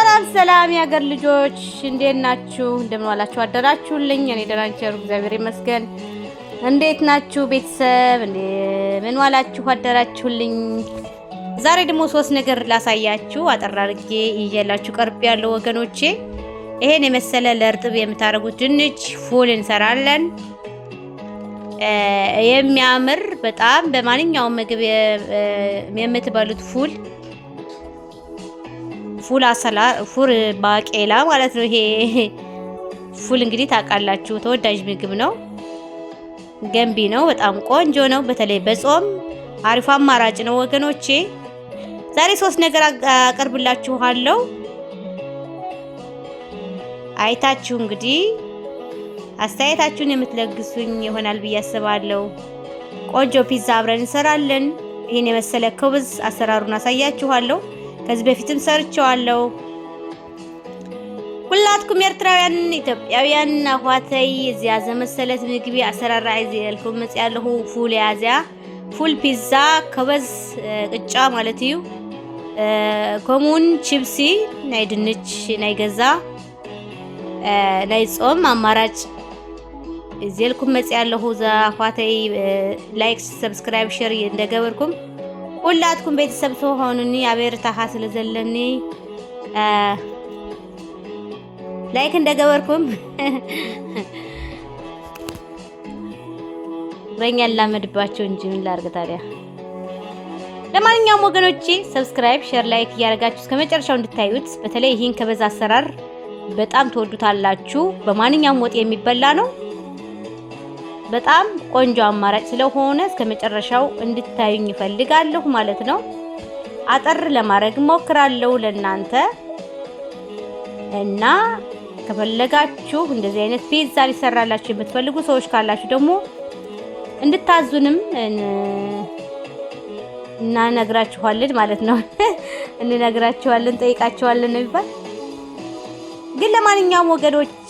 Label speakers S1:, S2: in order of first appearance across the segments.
S1: ሰላም ሰላም የሀገር ልጆች እንዴት ናችሁ? እንደምን ዋላችሁ አደራችሁልኝ? እኔ ደህና ነኝ፣ እግዚአብሔር ይመስገን። እንዴት ናችሁ ቤተሰብ? ምን ዋላችሁ አደራችሁልኝ? ዛሬ ደግሞ ሶስት ነገር ላሳያችሁ አጠር አድርጌ ይዤላችሁ ቀርብ ያለው ወገኖቼ። ይሄን የመሰለ ለእርጥብ የምታደርጉት ድንች ፉል እንሰራለን። የሚያምር በጣም በማንኛውም ምግብ የምትበሉት ፉል ፉል አሰላ ፉር ባቄላ ማለት ነው። ይሄ ፉል እንግዲህ ታውቃላችሁ ተወዳጅ ምግብ ነው። ገንቢ ነው። በጣም ቆንጆ ነው። በተለይ በጾም አሪፍ አማራጭ ነው ወገኖቼ። ዛሬ ሶስት ነገር አቀርብላችኋለሁ። አይታችሁ እንግዲህ አስተያየታችሁን የምትለግሱኝ ይሆናል ብዬ አስባለሁ። ቆንጆ ፒዛ አብረን እንሰራለን። ይህን የመሰለ ክብዝ አሰራሩን አሳያችኋለሁ። ከዚህ በፊትም ሰርቸዋለሁ። ሁላትኩም ኤርትራውያን ኢትዮጵያውያን አኋተይ እዚያ ዘመሰለት ምግቢ አሰራራ እዚ ልኩም መፅ ያለሁ ፉል ያዚያ ፉል ፒዛ ከበዝ ቅጫ ማለት እዩ ከምኡውን ቺፕሲ ናይ ድንች ናይ ገዛ ናይ ጾም አማራጭ እዚ ልኩም መፅ ያለሁ ዛ አኋተይ ላይክ ሰብስክራይብ ሸር እንደገበርኩም ሁላትኩም ቤተሰብ ተሆኑኒ ታሃ ስለዘለኒ ላይክ እንደገበርኩም በእኛ ላመድባቸው እንጂ ምን ላድርግ ታዲያ። ለማንኛውም ወገኖቼ ሰብስክራይብ፣ ሼር፣ ላይክ እያደረጋችሁ እስከ መጨረሻው እንድታዩት። በተለይ ይህን ከበዛ አሰራር በጣም ትወዱታላችሁ። በማንኛውም ወጥ የሚበላ ነው። በጣም ቆንጆ አማራጭ ስለሆነ እስከ መጨረሻው እንድታዩኝ ይፈልጋለሁ ማለት ነው። አጠር ለማድረግ ሞክራለሁ ለእናንተ እና ከፈለጋችሁ እንደዚህ አይነት ፒዛ ሊሰራላችሁ የምትፈልጉ ሰዎች ካላችሁ ደግሞ እንድታዙንም እናነግራችኋለን ማለት ነው። እንነግራችኋለን፣ ጠይቃችኋለን ነው የሚባል ግን ለማንኛውም ወገኖች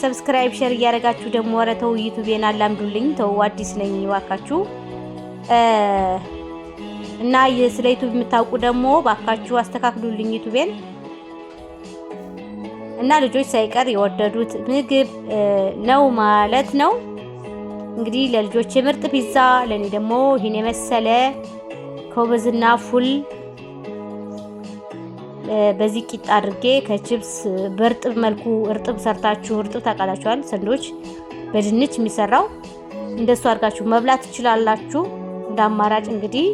S1: ሰብስክራይብ፣ ሼር እያደረጋችሁ ደግሞ ኧረ ተው ዩቱቤን አላምዱልኝ። ተው አዲስ ነኝ ባካችሁ። እና ስለ ዩቱብ የምታውቁ ደግሞ ባካችሁ አስተካክሉልኝ ዩቱቤን። እና ልጆች ሳይቀር የወደዱት ምግብ ነው ማለት ነው። እንግዲህ ለልጆች የምርጥ ፒዛ፣ ለእኔ ደግሞ ይህን የመሰለ ከብዝና ፉል በዚህ ቂጣ አድርጌ ከችብስ በእርጥብ መልኩ እርጥብ ሰርታችሁ እርጥብ ታውቃላችኋል፣ ሰንዶች በድንች የሚሰራው እንደሱ አድርጋችሁ መብላት ትችላላችሁ። እንደ አማራጭ እንግዲህ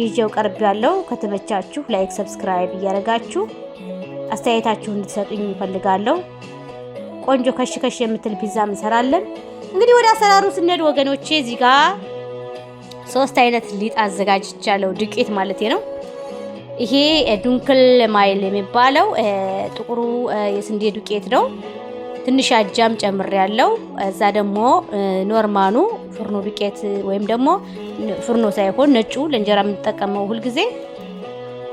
S1: ይዤው ቀርብ ያለው ከተመቻችሁ ላይክ፣ ሰብስክራይብ እያደረጋችሁ አስተያየታችሁ እንድትሰጡኝ ይፈልጋለሁ። ቆንጆ ከሽ ከሽ የምትል ፒዛ እንሰራለን። እንግዲህ ወደ አሰራሩ ስንሄድ ወገኖቼ እዚህ ጋር ሶስት አይነት ሊጥ አዘጋጅቻለሁ። ዱቄት ማለት ነው ይሄ ዱንክል ማይል የሚባለው ጥቁሩ የስንዴ ዱቄት ነው። ትንሽ አጃም ጨምር ያለው እዛ ደግሞ ኖርማኑ ፍርኖ ዱቄት ወይም ደግሞ ፍርኖ ሳይሆን ነጩ ለእንጀራ የምንጠቀመው ሁልጊዜ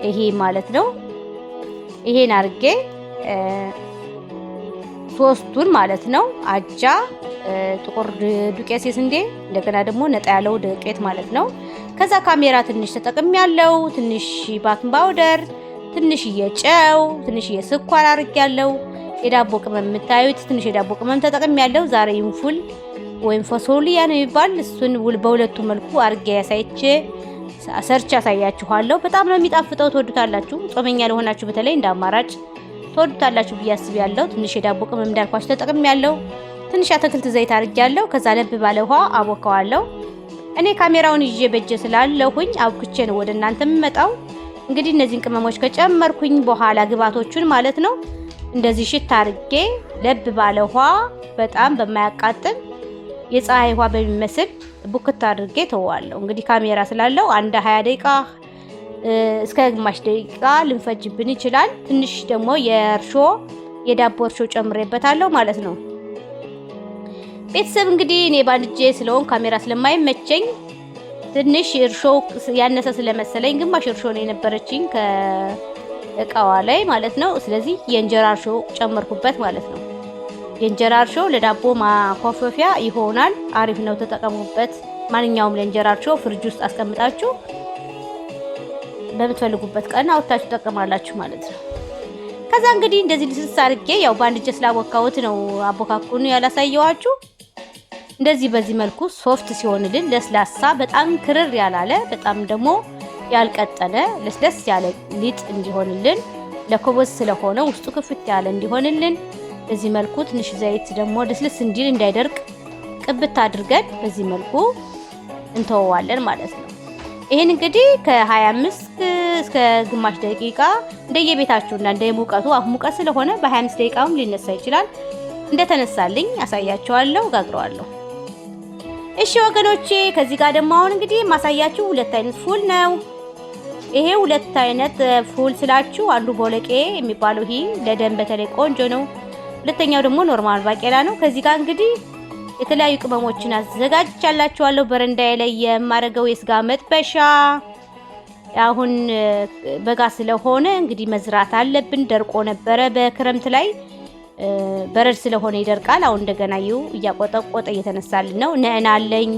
S1: ይሄ ማለት ነው። ይሄን አርጌ ሶስቱን ማለት ነው አጃ፣ ጥቁር ዱቄት የስንዴ እንደገና ደግሞ ነጣ ያለው ዱቄት ማለት ነው ከዛ ካሜራ ትንሽ ተጠቅም ያለው ትንሽ ባኪንግ ፓውደር፣ ትንሽ ጨው፣ ትንሽዬ ስኳር አርግ ያለው የዳቦ ቅመም የምታዩት ትንሽ የዳቦ ቅመም ተጠቅም ያለው ዛሬ ይንፉል ወይም ፎሶሊያ ነው የሚባል እሱን በሁለቱ መልኩ አርጌ ያሳይቼ ሰርች ያሳያችኋለሁ። በጣም ነው የሚጣፍጠው፣ ትወዱታላችሁ። ጾመኛ ለሆናችሁ በተለይ እንደ አማራጭ ትወዱታላችሁ ብዬ አስባለሁ። ትንሽ የዳቦ ቅመም እንዳልኳችሁ ተጠቅም ያለው ትንሽ አትክልት ዘይት አርጌ ያለው ከዛ ለብ ባለ ውሃ አቦካዋለሁ። እኔ ካሜራውን ይዤ በጀ ስላለሁኝ አብኩቼ ነው ወደ እናንተ የምመጣው። እንግዲህ እነዚህን ቅመሞች ከጨመርኩኝ በኋላ ግብአቶቹን ማለት ነው እንደዚህ ሽት አድርጌ ለብ ባለ ውሃ በጣም በማያቃጥል የፀሐይ ውሃ በሚመስል ቡክት አድርጌ ተዋለሁ። እንግዲህ ካሜራ ስላለው አንድ 20 ደቂቃ እስከ ግማሽ ደቂቃ ልንፈጅብን ይችላል። ትንሽ ደግሞ የእርሾ የዳቦ እርሾ ጨምሬበታለሁ ማለት ነው። ቤተሰብ እንግዲህ እኔ ባልጄ ስለሆን ካሜራ ስለማይመቸኝ ትንሽ እርሾ ያነሰ ስለመሰለኝ ግማሽ እርሾ ነው የነበረችኝ ከእቃዋ ላይ ማለት ነው። ስለዚህ የእንጀራ እርሾ ጨመርኩበት ማለት ነው። የእንጀራ እርሾ ለዳቦ ማኮፈፊያ ይሆናል። አሪፍ ነው፣ ተጠቀሙበት። ማንኛውም ለእንጀራ እርሾ ፍርጅ ውስጥ አስቀምጣችሁ በምትፈልጉበት ቀን አውጥታችሁ ትጠቀማላችሁ ማለት ነው። ከዛ እንግዲህ እንደዚህ ልስልስ አድርጌ ያው በአንድ እጄ ስላቦካሁት ነው አቦካኩን ያላሳየዋችሁ። እንደዚህ በዚህ መልኩ ሶፍት ሲሆንልን ለስላሳ በጣም ክርር ያላለ በጣም ደግሞ ያልቀጠነ ለስለስ ያለ ሊጥ እንዲሆንልን ለኮበዝ ስለሆነ ውስጡ ክፍት ያለ እንዲሆንልን በዚህ መልኩ ትንሽ ዘይት ደግሞ ልስልስ እንዲል እንዳይደርቅ ቅብት አድርገን በዚህ መልኩ እንተወዋለን ማለት ነው። ይህን እንግዲህ ከ25 እስከ ግማሽ ደቂቃ እንደየቤታችሁና እንደ ሙቀቱ ሙቀት ስለሆነ በ25 ደቂቃውም ሊነሳ ይችላል። እንደተነሳልኝ አሳያቸዋለሁ። ጋግረዋለሁ። እሺ ወገኖቼ ከዚህ ጋር ደግሞ አሁን እንግዲህ ማሳያችሁ ሁለት አይነት ፉል ነው። ይሄ ሁለት አይነት ፉል ስላችሁ አንዱ ቦለቄ የሚባለው ይሄ ለደም በተለይ ቆንጆ ነው። ሁለተኛው ደግሞ ኖርማል ባቄላ ነው። ከዚህ ጋር እንግዲህ የተለያዩ ቅመሞችን አዘጋጅቻላችኋለሁ። በረንዳ ላይ የማደርገው የስጋ መጥበሻ አሁን በጋ ስለሆነ እንግዲህ መዝራት አለብን። ደርቆ ነበረ በክረምት ላይ በረድ ስለሆነ ይደርቃል። አሁን እንደገና ይው እያቆጠቆጠ እየተነሳል ነው። ነዕና አለኝ፣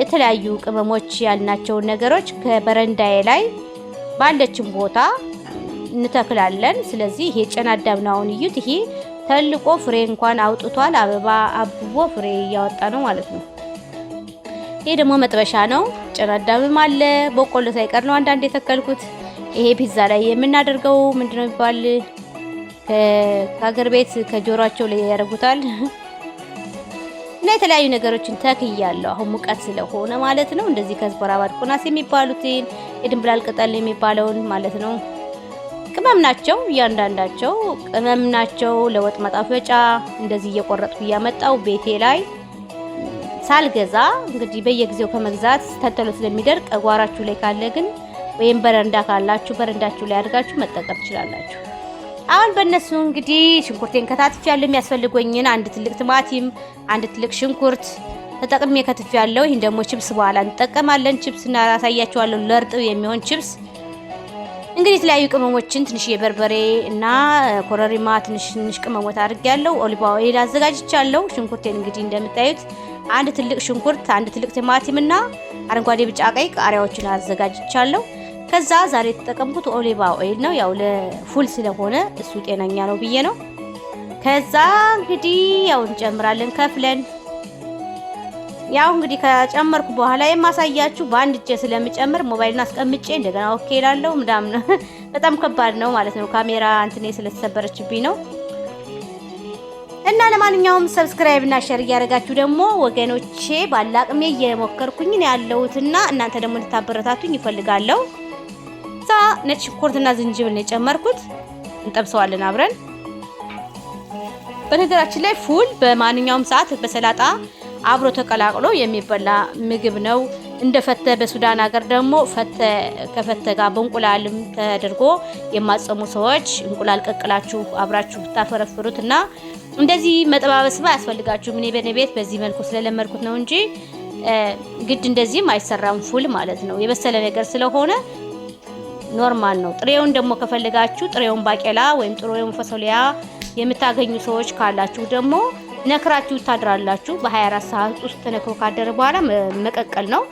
S1: የተለያዩ ቅመሞች ያልናቸውን ነገሮች ከበረንዳዬ ላይ ባለችን ቦታ እንተክላለን። ስለዚህ ይሄ ጨናዳም ነው። አሁን እዩት፣ ይሄ ተልቆ ፍሬ እንኳን አውጥቷል። አበባ አብቦ ፍሬ እያወጣ ነው ማለት ነው። ይሄ ደግሞ መጥበሻ ነው። ጨናዳምም አለ። በቆሎ ሳይቀር ነው አንዳንድ የተከልኩት። ይሄ ፒዛ ላይ የምናደርገው ምንድነው ይባል ከሀገር ቤት ከጆሯቸው ላይ ያደርጉታል እና የተለያዩ ነገሮችን ተክያለሁ። አሁን ሙቀት ስለሆነ ማለት ነው። እንደዚህ ከዝቦራ ባድቆናስ የሚባሉትን የድንብላል ቅጠል የሚባለውን ማለት ነው። ቅመም ናቸው፣ እያንዳንዳቸው ቅመም ናቸው። ለወጥ መጣፈጫ እንደዚህ እየቆረጥኩ እያመጣው ቤቴ ላይ ሳልገዛ እንግዲህ በየጊዜው ከመግዛት ተተሎ ስለሚደርቅ ጓራችሁ ላይ ካለ ግን ወይም በረንዳ ካላችሁ በረንዳችሁ ላይ አድርጋችሁ መጠቀም ትችላላችሁ። አሁን በእነሱ እንግዲህ ሽንኩርቴን ከታትፍ ያለው የሚያስፈልጎኝን አንድ ትልቅ ቲማቲም፣ አንድ ትልቅ ሽንኩርት ተጠቅሜ ከትፍ ያለው። ይህን ደግሞ ችፕስ በኋላ እንጠቀማለን። ችፕስ እናሳያቸዋለሁ። ለእርጥብ የሚሆን ችፕስ እንግዲህ የተለያዩ ቅመሞችን ትንሽ የበርበሬ እና ኮረሪማ ትንሽ ትንሽ ቅመሞት አድርግ ያለው ኦሊቭ ኦይል አዘጋጅቻለሁ። ሽንኩርቴን እንግዲህ እንደምታዩት አንድ ትልቅ ሽንኩርት፣ አንድ ትልቅ ቲማቲም እና አረንጓዴ፣ ቢጫ፣ ቀይ ቃሪያዎችን አዘጋጅቻለሁ። ከዛ ዛሬ የተጠቀምኩት ኦሊቫ ኦይል ነው። ያው ለፉል ስለሆነ እሱ ጤነኛ ነው ብዬ ነው። ከዛ እንግዲህ ያው እንጨምራለን ከፍለን ያው እንግዲህ ከጨመርኩ በኋላ የማሳያችሁ በአንድ እጄ ስለምጨምር ሞባይልን አስቀምጬ እንደገና ኦኬ እላለሁ ምናምን። በጣም ከባድ ነው ማለት ነው። ካሜራ እንትኔ ስለተሰበረችብኝ ነው። እና ለማንኛውም ሰብስክራይብ እና ሼር እያደረጋችሁ ደግሞ ወገኖቼ ባላቅሜ እየሞከርኩኝ ያለውትና እናንተ ደግሞ እንድታበረታቱኝ ይፈልጋለሁ። ቆስጣ፣ ነጭ ሽንኩርትና ዝንጅብል ነው የጨመርኩት። እንጠብሰዋለን አብረን። በነገራችን ላይ ፉል በማንኛውም ሰዓት በሰላጣ አብሮ ተቀላቅሎ የሚበላ ምግብ ነው። እንደ ፈተ በሱዳን ሀገር ደግሞ ፈተ ከፈተ ጋር በእንቁላልም ተደርጎ የማጸሙ ሰዎች እንቁላል ቀቅላችሁ አብራችሁ ታፈረፍሩት እና እንደዚህ መጠባበስም አያስፈልጋችሁም። እኔ በኔ ቤት በዚህ መልኩ ስለለመድኩት ነው እንጂ ግድ እንደዚህም አይሰራም። ፉል ማለት ነው የበሰለ ነገር ስለሆነ ኖርማል ነው። ጥሬውን ደግሞ ከፈልጋችሁ ጥሬውን ባቄላ ወይም ጥሬውን ፈሶሊያ የምታገኙ ሰዎች ካላችሁ ደግሞ ነክራችሁ ታድራላችሁ። በ24 ሰዓት ውስጥ ተነክሮ ካደረ በኋላ መቀቀል ነው።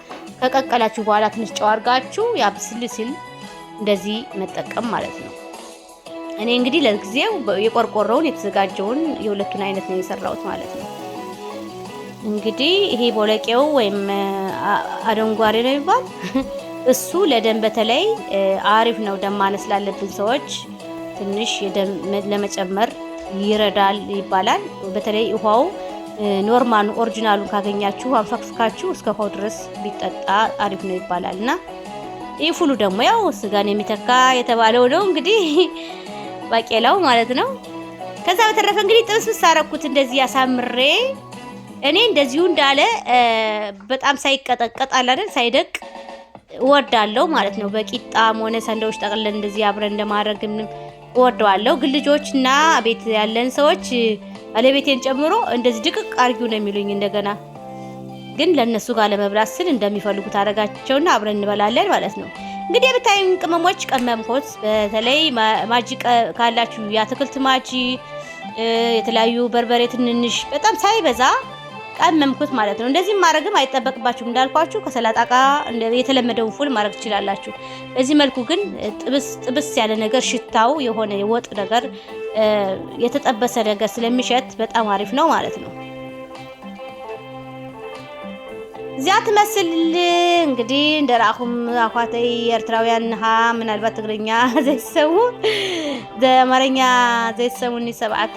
S1: ከቀቀላችሁ በኋላ ትንሽ ጨው አድርጋችሁ ያብስል ሲል እንደዚህ መጠቀም ማለት ነው። እኔ እንግዲህ ለጊዜው የቆርቆሮውን የተዘጋጀውን የሁለቱን አይነት ነው የሰራሁት ማለት ነው። እንግዲህ ይሄ ቦለቄው ወይም አደንጓሬ ነው ይባል እሱ ለደም በተለይ አሪፍ ነው። ደም ማነስ ላለብን ሰዎች ትንሽ የደም ለመጨመር ይረዳል ይባላል። በተለይ ውሃው ኖርማል ኦሪጂናሉን ካገኛችሁ አንፈክፍካችሁ እስከ ውሃው ድረስ ቢጠጣ አሪፍ ነው ይባላል እና ይህ ፉሉ ደግሞ ያው ስጋን የሚተካ የተባለው ነው እንግዲህ ባቄላው ማለት ነው። ከዛ በተረፈ እንግዲህ ጥብስ ምሳረኩት እንደዚህ ያሳምሬ እኔ እንደዚሁ እንዳለ በጣም ሳይቀጠቀጥ አላደል ሳይደቅ እወዳለሁ ማለት ነው። በቂጣም ሆነ ሰንደዎች ጠቅለን እንደዚህ አብረን እንደማድረግ እወደዋለሁ። ግን ቤት ያለን ሰዎች ባለቤቴን ጨምሮ እንደዚህ ድቅቅ አርጊው ነው የሚሉኝ። እንደገና ግን ለእነሱ ጋር ለመብላት ስል እንደሚፈልጉት አደርጋቸውና አብረን እንበላለን ማለት ነው። እንግዲህ የምታዩኝ ቅመሞች ቀመምኮት፣ በተለይ ማጂ ካላችሁ የአትክልት ማጂ፣ የተለያዩ በርበሬ ትንንሽ በጣም ሳይበዛ ቀመምኩት ማለት ነው። እንደዚህ ማድረግም አይጠበቅባችሁም እንዳልኳችሁ ከሰላጣ ጋር የተለመደውን ፉል ማድረግ ትችላላችሁ። በዚህ መልኩ ግን ጥብስ ጥብስ ያለ ነገር ሽታው የሆነ የወጥ ነገር የተጠበሰ ነገር ስለሚሸት በጣም አሪፍ ነው ማለት ነው። እዚያ ትመስል እንግዲህ እንደ ራአኹም አኳተይ ኤርትራውያን ሃ ምናልባት ትግርኛ ዘይሰሙ ዘአማርኛ ዘይሰሙኒ ሰብዓት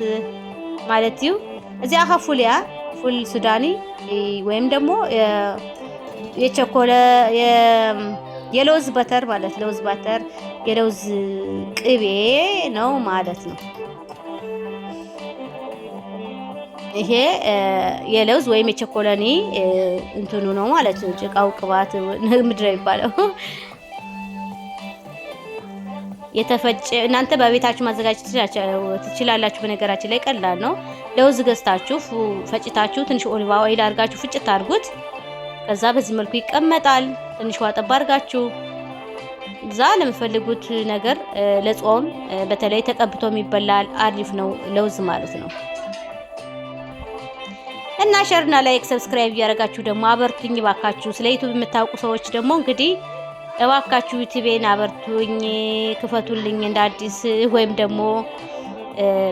S1: ማለት እዩ እዚያ ኸ ፉል ሱዳኒ ወይም ደግሞ የቸኮለ የለውዝ በተር ማለት ለውዝ በተር የለውዝ ቅቤ ነው ማለት ነው። ይሄ የለውዝ ወይም የቸኮለኒ እንትኑ ነው ማለት ነው። ጭቃው ቅባት ምድር የሚባለው። የተፈጨ እናንተ በቤታችሁ ማዘጋጀት ትችላላችሁ። በነገራችን ላይ ቀላል ነው። ለውዝ ገዝታችሁ ፈጭታችሁ ትንሽ ኦሊቫ ኦይል አድርጋችሁ ፍጭት አድርጉት። ከዛ በዚህ መልኩ ይቀመጣል። ትንሽ ዋጠባ አድርጋችሁ እዛ ለምፈልጉት ነገር ለጾም በተለይ ተቀብቶ ይበላል። አሪፍ ነው ለውዝ ማለት ነው። እና ሸርና ላይክ ሰብስክራይብ እያደረጋችሁ ደግሞ አበርቱኝ ባካችሁ። ስለ ዩቱብ የምታውቁ ሰዎች ደግሞ እንግዲህ እባካችሁ ዩቲቤን አበርቱኝ፣ ክፈቱልኝ እንደ አዲስ ወይም ደግሞ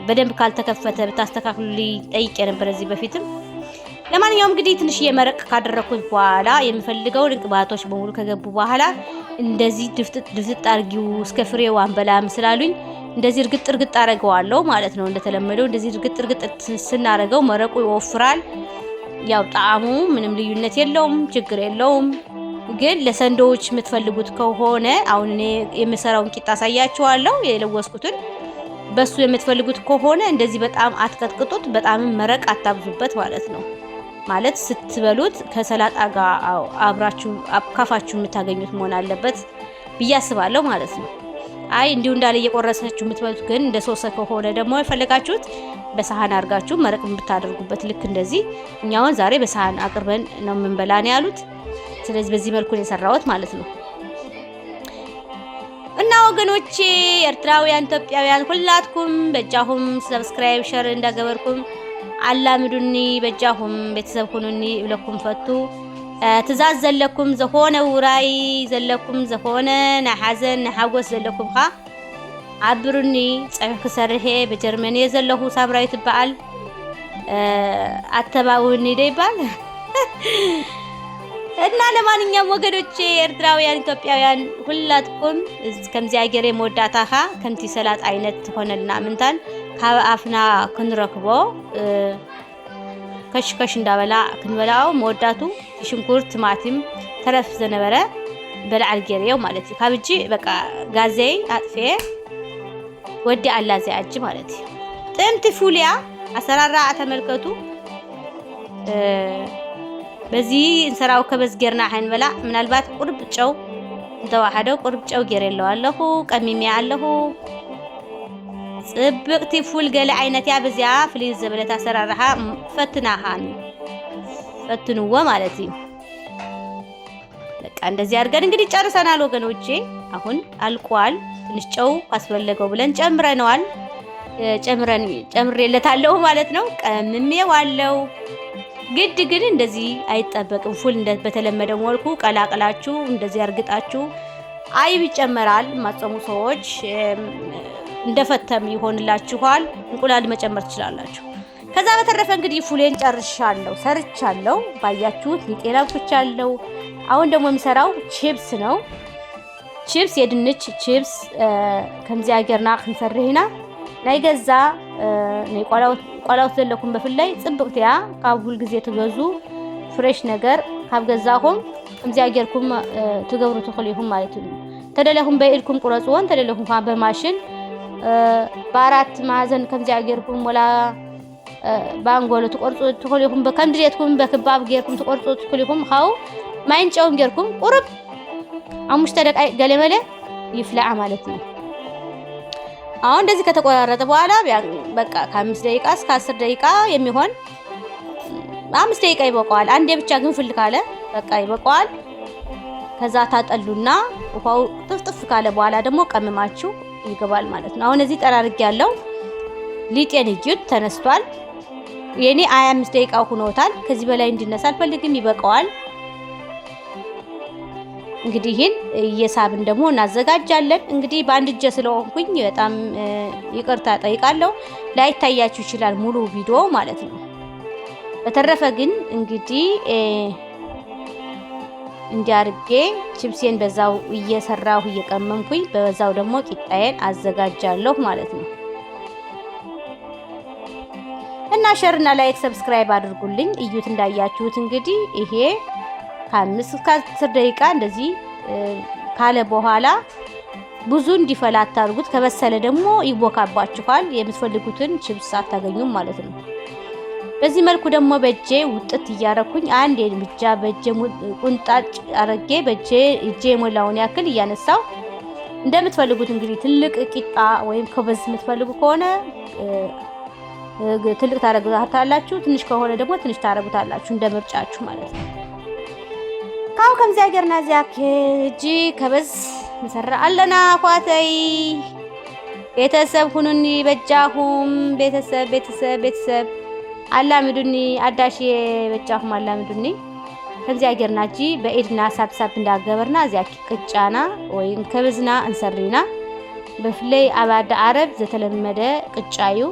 S1: በደንብ ካልተከፈተ ብታስተካክሉልኝ ጠይቄ ነበር እዚህ በፊትም። ለማንኛውም እንግዲህ ትንሽ የመረቅ ካደረኩት በኋላ የምፈልገውን ግብአቶች በሙሉ ከገቡ በኋላ እንደዚህ ድፍጥጥ ድፍጥጥ አርጊው እስከ ፍሬው አንበላም ስላሉኝ እንደዚህ እርግጥ እርግጥ አረገዋለሁ ማለት ነው። እንደተለመደው እንደዚህ እርግጥ እርግጥ ስናረገው መረቁ ይወፍራል። ያው ጣዕሙ ምንም ልዩነት የለውም፣ ችግር የለውም። ግን ለሰንዶዎች የምትፈልጉት ከሆነ አሁን እኔ የምሰራውን ቂጣ አሳያችኋለሁ፣ የለወስኩትን በሱ የምትፈልጉት ከሆነ እንደዚህ በጣም አትቀጥቅጡት፣ በጣም መረቅ አታብዙበት ማለት ነው። ማለት ስትበሉት ከሰላጣ ጋር አብራችሁ አካፋችሁ የምታገኙት መሆን አለበት ብዬ አስባለሁ ማለት ነው። አይ እንዲሁ እንዳለ እየቆረሰችሁ የምትበሉት ግን እንደ ሶሰ ከሆነ ደግሞ የፈለጋችሁት በሳህን አድርጋችሁ መረቅ የምታደርጉበት ልክ እንደዚህ። እኛውን ዛሬ በሳህን አቅርበን ነው የምንበላ ነው ያሉት። ስለዚህ በዚህ መልኩ ነው የሰራሁት ማለት ነው። እና ወገኖቼ ኤርትራውያን፣ ኢትዮጵያውያን ሁላትኩም በጃሁም ሰብስክራይብ ሸር እንዳገበርኩም አላምዱኒ በጃሁም ቤተሰብ ሁኑኒ ፈቱ ትእዛዝ ዘለኩም ዝኾነ ውራይ ዘለኩም ዝኾነ ናይ ሓዘን ዘለኩም ካ ዓብሩኒ ፀብሕ ክሰርሐ በጀርመን እየ ዘለኹ ሳምራዊት ትበዓል ኣተባውኒ እና ለማንኛውም ወገኖቼ ኤርትራውያን፣ ኢትዮጵያውያን ሁላትኩም ከምዚ ሀገር መወዳእታኻ ከምቲ ሰላት አይነት ትኾነልና ምንታን ካብ አፍና ክንረክቦ ከሽከሽ እንዳበላ ክንበላው መወዳቱ ሽንኩርት ቲማቲም ተረፍ ዘነበረ በላዓል ገይረዮ ማለት እዩ ካብ እጂ በቃ ጋዜይ ኣጥፍየ ወዲ ኣላ ዘይ ማለት እዩ ጥምቲ ፉልያ ኣሰራርዓ ተመልከቱ በዚህ እንሰራው ከበዝ ጌርና ሓንበላ ምናልባት ቁርብ ጨው እንተዋሓደ ቁርብ ጨው ጌር የለዋ ኣለኹ ቀሚምያ ኣለኹ ፅብቕቲ ፉል ገለ አይነት ያ በዚያ ፍልይ ዘበለት ኣሰራርሓ ፈትናሃን ፈትንዎ ማለት እዩ በቃ እንደዚህ አድርገን እንግዲህ ጨርሰናል ወገኖቼ አሁን አልቋል ትንሽ ጨው አስፈለገው ብለን ጨምረነዋል ጨምረን ጨምሬለታለሁ ማለት ነው ቀምሜዋለሁ ግድ ግን እንደዚህ አይጠበቅም። ፉል በተለመደው መልኩ ቀላቅላችሁ እንደዚህ አርግጣችሁ አይብ ይጨመራል። ማጸሙ ሰዎች እንደፈተም ይሆንላችኋል። እንቁላል መጨመር ትችላላችሁ። ከዛ በተረፈ እንግዲህ ፉሌን ጨርሻለሁ፣ ሰርቻለሁ። ባያችሁት ሊጤና ብቻለሁ። አሁን ደግሞ የምሰራው ቺፕስ ነው። ቺፕስ የድንች ቺፕስ ከምዚ ሀገርና ክንሰርህና ናይ ገዛ ናይ ቆላውት ዘለኩም ብፍላይ ፅብቅትያ ካብ ሁል ግዜ ትገዙ ፍሬሽ ነገር ካብ ገዛኹም ከምዚኣ ጌርኩም ትገብሩ ትኽእሉ ኢኹም ማለት እዩ ተደለኹም በኢድኩም ቁረፅዎን ተደለኹም ከዓ በማሽን ብኣራት ማዕዘን ከምዚኣ ጌርኩም ወላ ብኣንጎሎ ትቆርፁ ትኽእሉ ኢኹም ከም ድሌትኩም በክባብ ጌርኩም ትቆርፁ ትኽእሉ ኢኹም ካብኡ ማይን ጌርኩም ቁርብ 5 ደቂቃ ገለመለ ይፍላዓ ማለት እዩ አሁን እንደዚህ ከተቆራረጠ በኋላ በቃ ከአምስት ደቂቃ እስከ አስር ደቂቃ የሚሆን አምስት ደቂቃ ይበቃዋል። አንዴ ብቻ ግንፍል ካለ በቃ ይበቃዋል። ከዛ ታጠሉና ውሃው ጥፍጥፍ ካለ በኋላ ደግሞ ቀምማችሁ ይገባል ማለት ነው። አሁን እዚህ ጠራርግ ያለው ሊጤን እዩት ተነስቷል። የኔ 25 ደቂቃ ሁኖታል። ከዚህ በላይ እንዲነሳ አልፈልግም፣ ይበቀዋል። እንግዲህ ይህን እየሳብን ደግሞ እናዘጋጃለን። እንግዲህ በአንድ እጀ ስለሆንኩኝ በጣም ይቅርታ ጠይቃለሁ። ላይታያችሁ ይችላል ሙሉ ቪዲዮ ማለት ነው። በተረፈ ግን እንግዲህ እንዲያርጌ ችብሴን በዛው እየሰራሁ እየቀመምኩኝ በዛው ደግሞ ቂጣዬን አዘጋጃለሁ ማለት ነው። እና ሸርና ላይክ ሰብስክራይብ አድርጉልኝ። እዩት እንዳያችሁት እንግዲህ ይሄ ከአምስት እስከ አስር ደቂቃ እንደዚህ ካለ በኋላ ብዙ እንዲፈላ አታርጉት። ከበሰለ ደግሞ ይቦካባችኋል። የምትፈልጉትን ችብስ አታገኙም ማለት ነው። በዚህ መልኩ ደግሞ በእጄ ውጥት እያረኩኝ አንድ እርምጃ በእጄ ቁንጣጭ አረጌ በእጄ እጄ የሞላውን ያክል እያነሳው እንደምትፈልጉት እንግዲህ ትልቅ ቂጣ ወይም ከበዝ የምትፈልጉ ከሆነ ትልቅ ታረጉታላችሁ። ትንሽ ከሆነ ደግሞ ትንሽ ታረጉታላችሁ፣ እንደ ምርጫችሁ ማለት ነው። ካብኡ ከምዚ ሃገርና እዚኣ ክጂ ከበዝ ንሰራ ኣለና ኳተይ ቤተሰብ ሁኑኒ በጃኹም ቤተሰብ ቤተሰብ ቤተሰብ ኣላምዱኒ ኣዳሽየ በጃኹም ኣላምዱኒ ከምዚ ሃገርና እጂ በኢድና ሳብሳብ እንዳገበርና እዚኣ ቅጫና ወይ ከበዝና እንሰሪና በፍለይ ኣብ ኣዲ ዓረብ ዘተለመደ ቅጫ እዩ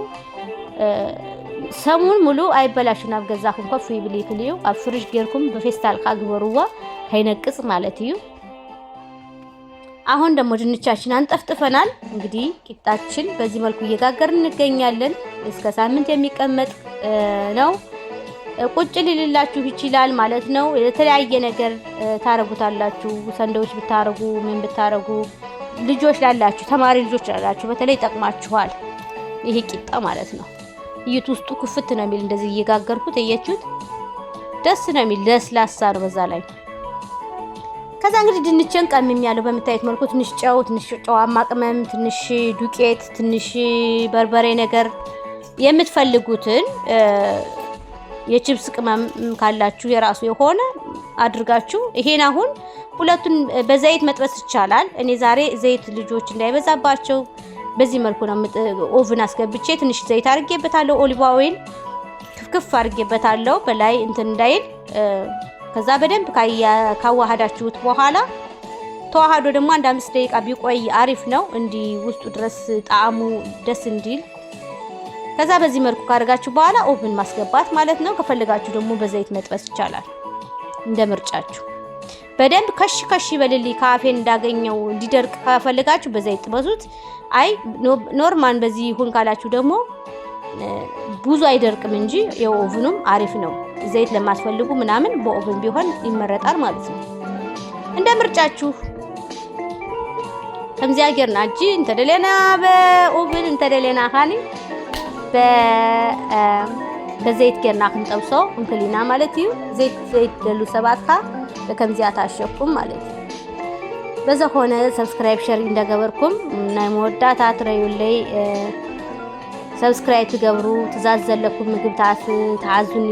S1: ሰሙን ሙሉ አይበላሽን ኣብ ገዛኹም ኮፍ ይብል ይክእል እዩ ኣብ ፍርሽ ጌርኩም ብፌስታል ካ ግበርዋ ከይነቅፅ ማለት እዩ አሁን ደግሞ ድንቻችን አንጠፍጥፈናል። እንግዲህ ቂጣችን በዚህ መልኩ እየጋገር እንገኛለን። እስከ ሳምንት የሚቀመጥ ነው። ቁጭ ሊልላችሁ ይችላል ማለት ነው። የተለያየ ነገር ታረጉታላችሁ። ሰንደዎች ብታረጉ፣ ምን ብታረጉ፣ ልጆች ላላችሁ፣ ተማሪ ልጆች ላላችሁ በተለይ ይጠቅማችኋል ይሄ ቂጣ ማለት ነው። እዩት። ውስጡ ክፍት ነው የሚል እንደዚህ እየጋገርኩት እያችሁት ደስ ነው የሚል ለስላሳ ነው። በዛ ላይ ከዛ እንግዲህ ድንችን ቀምም ያለው በምታዩት መልኩ ትንሽ ጨው፣ ትንሽ ጨዋማ ቅመም፣ ትንሽ ዱቄት፣ ትንሽ በርበሬ ነገር የምትፈልጉትን የችብስ ቅመም ካላችሁ የራሱ የሆነ አድርጋችሁ ይሄን አሁን ሁለቱን በዘይት መጥበስ ይቻላል። እኔ ዛሬ ዘይት ልጆች እንዳይበዛባቸው በዚህ መልኩ ነው። ኦቭን አስገብቼ ትንሽ ዘይት አድርጌበታለሁ። ኦሊቭ ኦይል ክፍክፍ አድርጌበታለሁ በላይ እንትን እንዳይል። ከዛ በደንብ ካዋሃዳችሁት በኋላ ተዋህዶ ደግሞ አንድ አምስት ደቂቃ ቢቆይ አሪፍ ነው፣ እንዲህ ውስጡ ድረስ ጣዕሙ ደስ እንዲል። ከዛ በዚህ መልኩ ካደርጋችሁ በኋላ ኦቭን ማስገባት ማለት ነው። ከፈለጋችሁ ደግሞ በዘይት መጥበስ ይቻላል እንደ ምርጫችሁ። በደንብ ከሽ ከሽ ይበልልኝ ከአፌን እንዳገኘው እንዲደርቅ ከፈልጋችሁ በዘይት ጥበሱት። አይ ኖርማን በዚህ ይሁን ካላችሁ ደግሞ ብዙ አይደርቅም እንጂ የኦቭኑም አሪፍ ነው። ዘይት ለማስፈልጉ ምናምን በኦቭን ቢሆን ይመረጣል ማለት ነው። እንደ ምርጫችሁ ና እጂ እንተደሌና በኦቭን እንተደሌና ካኒ በዘይት ገና ክንጠብሶ እንክሊና ማለት እዩ ዘይት ዘይት ደሉ ሰባት ካ ከምዚያ ታሸኩም ማለት ነው። በዛ ሆነ ሰብስክራይብ ሸር እንደገበርኩም ናይ መወዳታ ትረዩለይ ሰብስክራይብ ትገብሩ ትዛዝ ዘለኩም ምግብታት ተዓዙኒ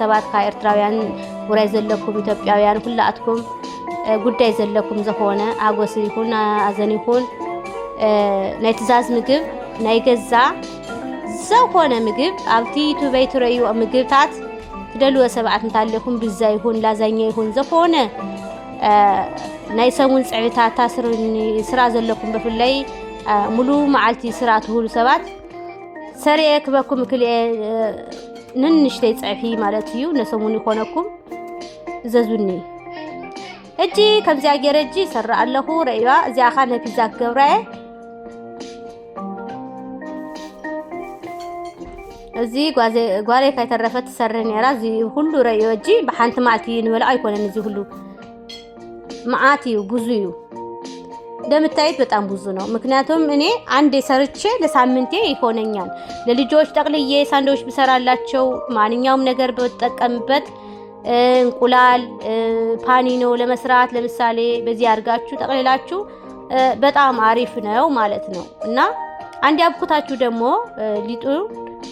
S1: ሰባት ካብ ኤርትራውያን ውራይ ዘለኩም ኢትዮጵያውያን ኩላኣትኩም ጉዳይ ዘለኩም ዝኾነ ኣጎስ ይኹን ኣዘን ይኹን ናይ ትዛዝ ምግብ ናይ ገዛ ዝኾነ ምግብ ኣብቲ ዩቱበይ ትረዩ ምግብታት ፊደልዎ ሰብኣት እንታለኹም ብዛ ይኹን ላዛኛ ይኹን ዝኾነ ናይ ሰሙን ፅዕታት ስራ ዘለኩም ብፍላይ ሙሉእ መዓልቲ ስራ ትህሉ ሰባት ሰሪየ ክበኩም ክልኤ ንንሽተይ ፀብሒ ማለት እዩ ነሰሙን ይኮነኩም ዘዙኒ እጂ ከምዚያ ገይረ እጂ ይሰራ ኣለኹ ረእዋ እዚኣኻ ነፒዛ ክገብራየ እዚ ጓሌ ካይተረፈ ትሰርሕ ነራ እዚ ኩሉ ረዮ እጂ ብሓንቲ መዓልቲ ንበልዓ ኣይኮነን እዚ ሁሉ መዓት እዩ ብዙ እዩ እንደምታዩት በጣም ብዙ ነው። ምክንያቱም እኔ አንድ ሰርቼ ለሳምንቴ ይሆነኛል። ለልጆች ጠቅልዬ ሳንዶች ብሰራላቸው ማንኛውም ነገር በጠቀምበት እንቁላል ፓኒኖ ለመስራት ለምሳሌ በዚህ አድርጋችሁ ጠቅልላችሁ በጣም አሪፍ ነው ማለት ነው እና አንድ ያብኩታችሁ ደግሞ ሊጡ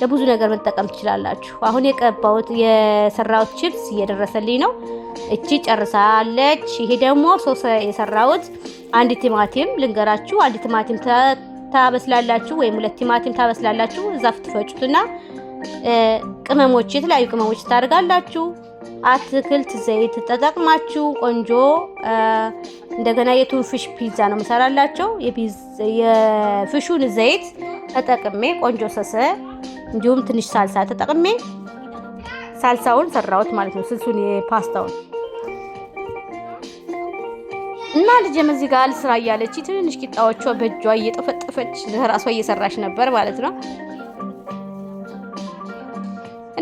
S1: ለብዙ ነገር መጠቀም ትችላላችሁ። አሁን የቀባሁት የሰራሁት ቺፕስ እየደረሰልኝ ነው። እቺ ጨርሳለች። ይሄ ደግሞ ሶስ የሰራሁት አንድ ቲማቲም ልንገራችሁ። አንድ ቲማቲም ታበስላላችሁ ወይም ሁለት ቲማቲም ታበስላላችሁ። እዛ ፍትፈጩትና ቅመሞች፣ የተለያዩ ቅመሞች ታደርጋላችሁ። አትክልት ዘይት ተጠቅማችሁ ቆንጆ እንደገና የቱንፍሽ ፒዛ ነው የምሰራላቸው። የፊሹን ዘይት ተጠቅሜ ቆንጆ ሰሰ እንዲሁም ትንሽ ሳልሳ ተጠቅሜ ሳልሳውን ሰራሁት ማለት ነው። ስልሱን የፓስታውን እና ልጄም እዚህ ጋር ልስራ እያለች ትንንሽ ቂጣዎቿ በእጇ እየጠፈጠፈች ራሷ እየሰራች ነበር ማለት ነው።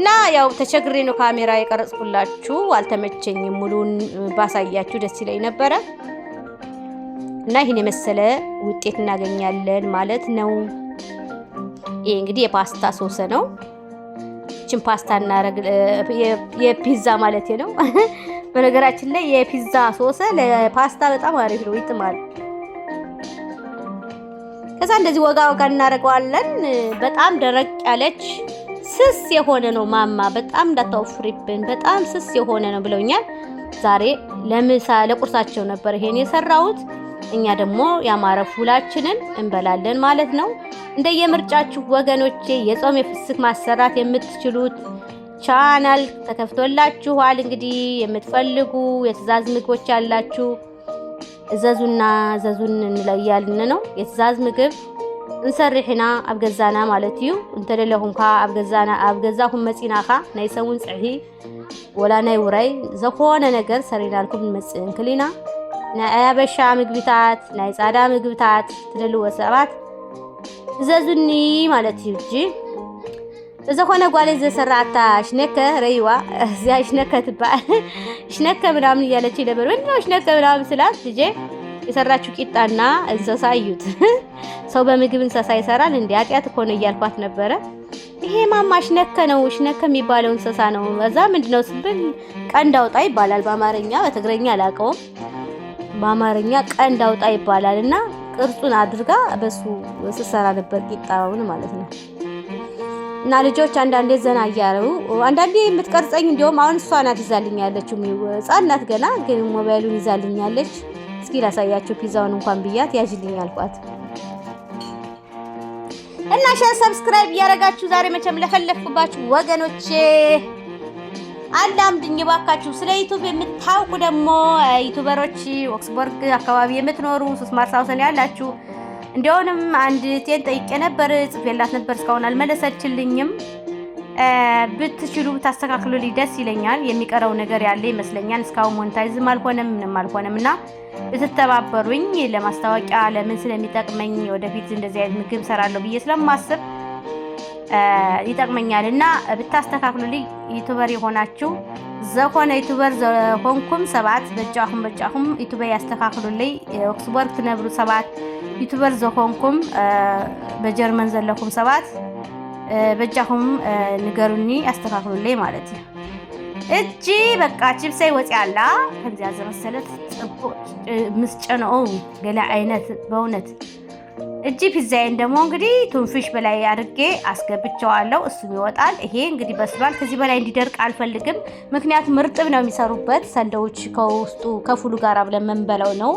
S1: እና ያው ተቸግሬ ነው ካሜራ የቀረጽኩላችሁ፣ አልተመቸኝም። ሙሉን ባሳያችሁ ደስ ይለኝ ነበረ። እና ይህን የመሰለ ውጤት እናገኛለን ማለት ነው። ይሄ እንግዲህ የፓስታ ሶስ ነው። ይችን ፓስታ እናረግ የፒዛ ማለት ነው። በነገራችን ላይ የፒዛ ሶስ ለፓስታ በጣም አሪፍ ነው፣ ይጥማል። ከዛ እንደዚህ ወጋ ወጋ እናደርገዋለን። በጣም ደረቅ ያለች ስስ የሆነ ነው ማማ፣ በጣም እንዳታወፍሪብን፣ በጣም ስስ የሆነ ነው ብለውኛል። ዛሬ ለምሳ ለቁርሳቸው ነበር ይሄን የሰራሁት። እኛ ደግሞ ያማረ ፉላችንን እንበላለን ማለት ነው። እንደ የምርጫችሁ ወገኖቼ፣ የጾም የፍስክ ማሰራት የምትችሉት ቻናል ተከፍቶላችኋል። እንግዲህ የምትፈልጉ የትእዛዝ ምግቦች ያላችሁ እዘዙና እዘዙን እንለያልን ነው የትእዛዝ ምግብ እንሰርሕና ኢና ኣብ ገዛና ማለት እዩ እንተደለኹምካ ኣብ ገዛና ኣብ ገዛኹም መፂና ኻ ናይ ሰውን ፅሒ ወላ ናይ ውራይ ዝኾነ ነገር ሰሪናልኩም ንመፅእ እንክል ኢና ናይ ኣበሻ ምግብታት ናይ ፃዳ ምግብታት ትደልዎ ሰባት እዘዙኒ ማለት እዩ እጂ ዝኾነ ጓል ዘሰራዕታ ሽነከ ረይዋ እዚኣ ሽነከ ትበሃል ሽነከ ምናምን እያለች ነበር ወንድነው ሽነከ ምናምን ስላት ልጄ የሰራችሁ ቂጣና እንሰሳ እዩት ሰው በምግብ እንሰሳ ይሰራል እንዲ ኃጢአት እኮ እያልኳት ነበረ። ይሄ ማማ ሽነከ ነው ሽነከ የሚባለው እንሰሳ ነው። እዛ ምንድነው ስብል ቀንድ አውጣ ይባላል በአማርኛ በትግረኛ አላውቀውም። በአማርኛ ቀንድ አውጣ ይባላል እና ቅርጹን አድርጋ በሱ ስሰራ ነበር ቂጣውን ማለት ነው። እና ልጆች አንዳንዴ ዘና እያረቡ አንዳንዴ የምትቀርጸኝ እንዲሁም አሁን እሷ ናት ይዛልኛለች። ሕፃን ናት ገና ግን ሞባይሉን ይዛልኛለች። እስኪ ላሳያቸው ፒዛውን እንኳን ብያት ያዥልኝ አልኳት። እና ሸር ሰብስክራይብ እያደረጋችሁ ዛሬ መቼም ለፈለፍኩባችሁ ወገኖቼ አላምድኝ ባካችሁ። ስለ ዩቱብ የምታውቁ ደግሞ ዩቱበሮች ኦክስቦርግ አካባቢ የምትኖሩ ሶስት ማርሳውሰን ያላችሁ እንዲሁንም አንድ ቴን ጠይቄ ነበር፣ ጽፌላት ነበር፣ እስካሁን አልመለሰችልኝም። ብትችሉ ብታስተካክሉልኝ ደስ ይለኛል። የሚቀረው ነገር ያለ ይመስለኛል። እስካሁን ሞንታይዝም አልሆነም ምንም አልሆነም እና ብትተባበሩኝ ለማስታወቂያ ለምን ስለሚጠቅመኝ ወደፊት እንደዚህ አይነት ምግብ ሰራለሁ ብዬ ስለማስብ ይጠቅመኛል እና ብታስተካክሉልኝ ዩቱበር የሆናችሁ ዘኮነ ዩቱበር ዘኮንኩም ሰባት በጫኹም በጫኹም ዩቱበር ያስተካክሉልይ ኦክስቦርግ ትነብሩ ሰባት ዩቱበር ዘኮንኩም በጀርመን ዘለኩም ሰባት በጫኹም ንገሩኒ ያስተካክሉልይ ማለት እዩ እቺ በቃ ችብሰይ ወፂ ኣላ ከምዚኣ ዝመሰለት ፅቡቅ ምስ ጨነኦ ገለ ዓይነት በእውነት እጅ ፒዛዬን ደግሞ እንግዲህ ቱንፊሽ በላይ አድርጌ አስገብቸዋለሁ። እሱም ይወጣል። ይሄ እንግዲህ በስሏል። ከዚህ በላይ እንዲደርቅ አልፈልግም፣ ምክንያቱም እርጥብ ነው የሚሰሩበት ሰንደዎች ከውስጡ ከፉሉ ጋር ብለን መንበለው ነው።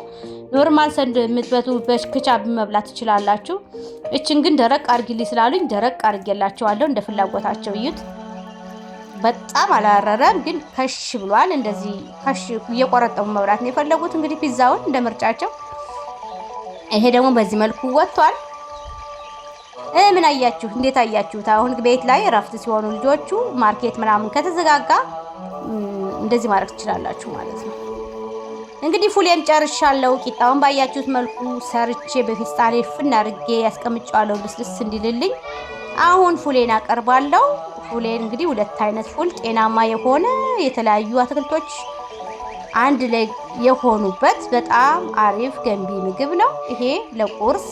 S1: ኖርማል ሰንድ የምትበቱ በክቻብ መብላት ትችላላችሁ። እችን ግን ደረቅ አርጊልኝ ስላሉኝ ደረቅ አርጌላቸዋለሁ። እንደ ፍላጎታቸው እዩት። በጣም አላረረም፣ ግን ከሽ ብሏል። እንደዚህ ከሽ እየቆረጠሙ መብላት ነው የፈለጉት። እንግዲህ ፒዛውን እንደ ምርጫቸው ይሄ ደግሞ በዚህ መልኩ ወጥቷል። ምን አያችሁ? እንዴት አያችሁት? አሁን ቤት ላይ እረፍት ሲሆኑ ልጆቹ ማርኬት ምናምን ከተዘጋጋ እንደዚህ ማድረግ ትችላላችሁ ማለት ነው። እንግዲህ ፉሌን ጨርሻለሁ። ቂጣውን ባያችሁት መልኩ ሰርቼ በፊስታሌ ፍን አድርጌ ያስቀምጫለሁ ልስልስ እንዲልልኝ። አሁን ፉሌን አቀርባለሁ። ፉሌን እንግዲህ ሁለት አይነት ፉል፣ ጤናማ የሆነ የተለያዩ አትክልቶች አንድ ላይ የሆኑበት በጣም አሪፍ ገንቢ ምግብ ነው። ይሄ ለቁርስ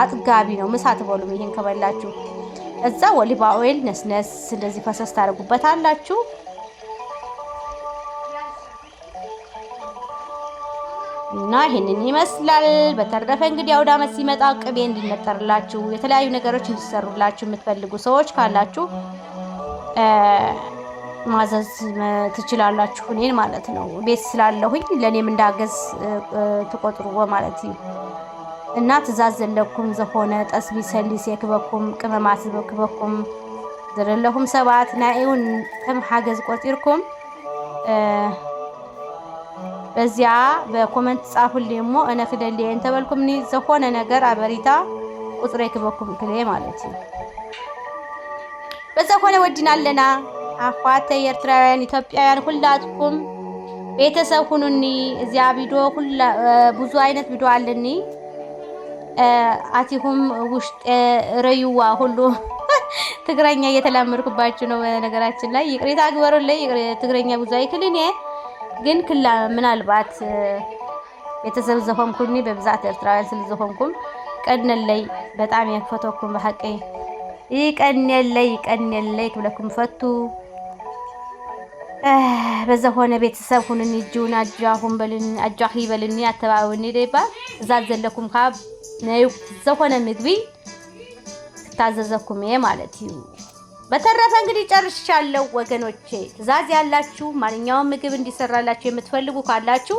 S1: አጥጋቢ ነው። ምሳ ትበሉም ይሄን ከበላችሁ። እዛ ወሊባ ኦይል ነስነስ እንደዚህ ፈሰስ ታደርጉበት አላችሁ። እና ይሄንን ይመስላል። በተረፈ እንግዲህ አውደ ዓመት ሲመጣ ቅቤ እንዲነጠርላችሁ የተለያዩ ነገሮች እንዲሰሩላችሁ የምትፈልጉ ሰዎች ካላችሁ ማዘዝ ትችላላችሁ። እኔን ማለት ነው ቤት ስላለሁኝ ለእኔም እንዳገዝ ትቆጥሩ ማለት እና ትእዛዝ ዘለኩም ዘሆነ ጠስቢ ሰሊስ የክበኩም ቅመማት ክበኩም ዘለለኹም ሰባት ናይእውን ከም ሓገዝ ቆጢርኩም በዚያ በኮመንት ጻፉልኝ እሞ እነ ክደልየ እንተበልኩምኒ ዘኾነ ነገር ኣበሪታ ቁጥሬ ክበኩም ክልየ ማለት እዩ በዛ ኮነ ወዲና ኣለና አኳተ የኤርትራውያን ኢትዮጵያውያን ሁላችሁም ቤተሰብ ሁኑኒ። እዚያ ቪዲዮ ሁላ ብዙ አይነት ቪዲዮ አለኒ። አቲሁም ውሽጤ ረዩዋ ሁሉ ትግረኛ እየተላመድኩባችሁ ነው። በነገራችን ላይ ይቅሬታ አግበሩልኝ። ትግረኛ ብዙ አይክልኔ ግን ክላ ምናልባት ቤተሰብ ዘሆምኩኒ በብዛት ኤርትራውያን ስለዘሆምኩም ቀነለይ በጣም ያክፈተኩም በሐቀይ ይቀነለይ ይቀነለይ ክብለኩም ፈቱ በዛ ሆነ ቤተሰብ ሁንን እጁን አጃሁን በልን አጃሂ በልን አተባውኒ ደባ እዛ ዘለኩም ካብ ናይ ዘሆነ ምግቢ ታዘዘኩም ይሄ ማለት እዩ። በተረፈ እንግዲህ ጨርሻለሁ ወገኖቼ። ትእዛዝ ያላችሁ ማንኛውም ምግብ እንዲሰራላችሁ የምትፈልጉ ካላችሁ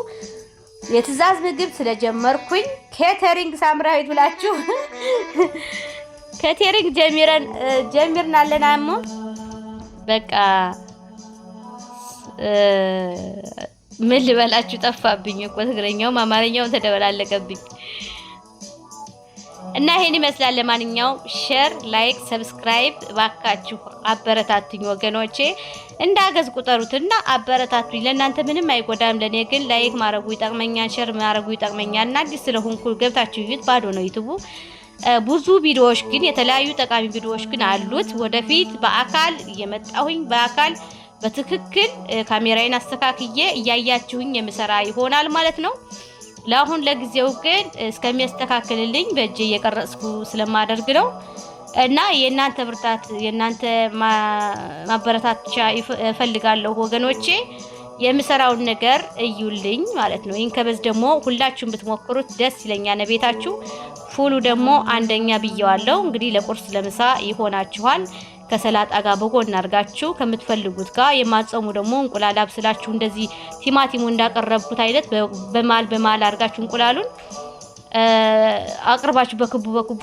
S1: የትእዛዝ ምግብ ስለጀመርኩኝ ኬተሪንግ ሳምራዊት ብላችሁ ኬተሪንግ ጀሚረን ጀሚርናለን አሞ በቃ ምን ልበላችሁ ጠፋብኝ እኮ ትግረኛውም አማርኛውም ተደበላለቀብኝ። እና ይሄን ይመስላል። ለማንኛውም ሼር፣ ላይክ፣ ሰብስክራይብ ባካችሁ አበረታቱኝ ወገኖቼ፣ እንዳገዝ ቁጠሩት እና አበረታቱኝ። ለእናንተ ምንም አይጎዳም፣ ለእኔ ግን ላይክ ማድረጉ ይጠቅመኛል፣ ሼር ማድረጉ ይጠቅመኛል። እና አዲስ ስለሆንኩ ገብታችሁ እዩት። ባዶ ነው ዩቱቡ። ብዙ ቪዲዮዎች ግን የተለያዩ ጠቃሚ ቪዲዮዎች ግን አሉት። ወደፊት በአካል እየመጣሁኝ በአካል በትክክል ካሜራዬን አስተካክዬ እያያችሁኝ የምሰራ ይሆናል ማለት ነው። ለአሁን ለጊዜው ግን እስከሚያስተካክልልኝ በእጄ እየቀረጽኩ ስለማደርግ ነው እና የእናንተ ብርታት የእናንተ ማበረታቻ እፈልጋለሁ ወገኖቼ። የምሰራውን ነገር እዩልኝ ማለት ነው። ይህን ከበዝ ደግሞ ሁላችሁም ብትሞክሩት ደስ ይለኛል። ቤታችሁ ፉሉ ደግሞ አንደኛ ብየዋለሁ። እንግዲህ ለቁርስ ለምሳ ይሆናችኋል። ከሰላጣ ጋር በጎን አድርጋችሁ ከምትፈልጉት ጋር የማጸሙ ደግሞ እንቁላል አብስላችሁ እንደዚህ ቲማቲሙ እንዳቀረብኩት አይነት በማል በማል አድርጋችሁ እንቁላሉን አቅርባችሁ በክቡ በክቡ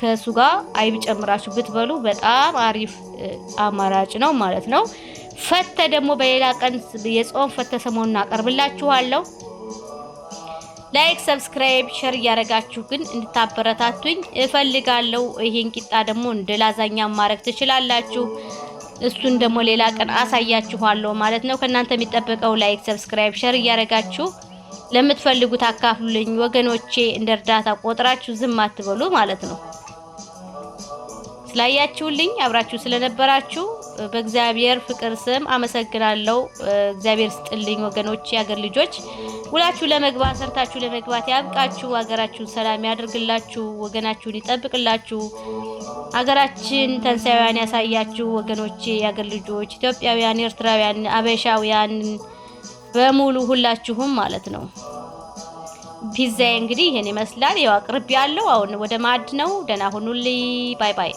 S1: ከእሱ ጋር አይብ ጨምራችሁ ብትበሉ በጣም አሪፍ አማራጭ ነው ማለት ነው። ፈተ ደግሞ በሌላ ቀን የጾም ፈተ ሰሞኑን አቀርብላችኋለሁ። ላይክ፣ ሰብስክራይብ፣ ሸር እያደረጋችሁ ግን እንድታበረታቱኝ እፈልጋለሁ። ይሄን ቂጣ ደግሞ እንደ ላዛኛ ማድረግ ትችላላችሁ። እሱን ደግሞ ሌላ ቀን አሳያችኋለሁ ማለት ነው። ከእናንተ የሚጠበቀው ላይክ፣ ሰብስክራይብ፣ ሸር እያደረጋችሁ ለምትፈልጉት አካፍሉልኝ ወገኖቼ። እንደ እርዳታ ቆጥራችሁ ዝም አትበሉ ማለት ነው። ስላያችሁልኝ አብራችሁ ስለነበራችሁ በእግዚአብሔር ፍቅር ስም አመሰግናለሁ። እግዚአብሔር ስጥልኝ ወገኖች፣ የሀገር ልጆች ውላችሁ ለመግባት ሰርታችሁ ለመግባት ያብቃችሁ። ሀገራችሁን ሰላም ያደርግላችሁ፣ ወገናችሁን ይጠብቅላችሁ፣ ሀገራችን ተንሳያውያን ያሳያችሁ። ወገኖቼ፣ የሀገር ልጆች ኢትዮጵያውያን፣ ኤርትራውያን፣ አበሻውያን በሙሉ ሁላችሁም ማለት ነው። ፒዛዬ እንግዲህ ይህን ይመስላል። ያው አቅርቤ ያለው አሁን ወደ ማዕድ ነው። ደህና ሁኑልኝ። ባይ ባይ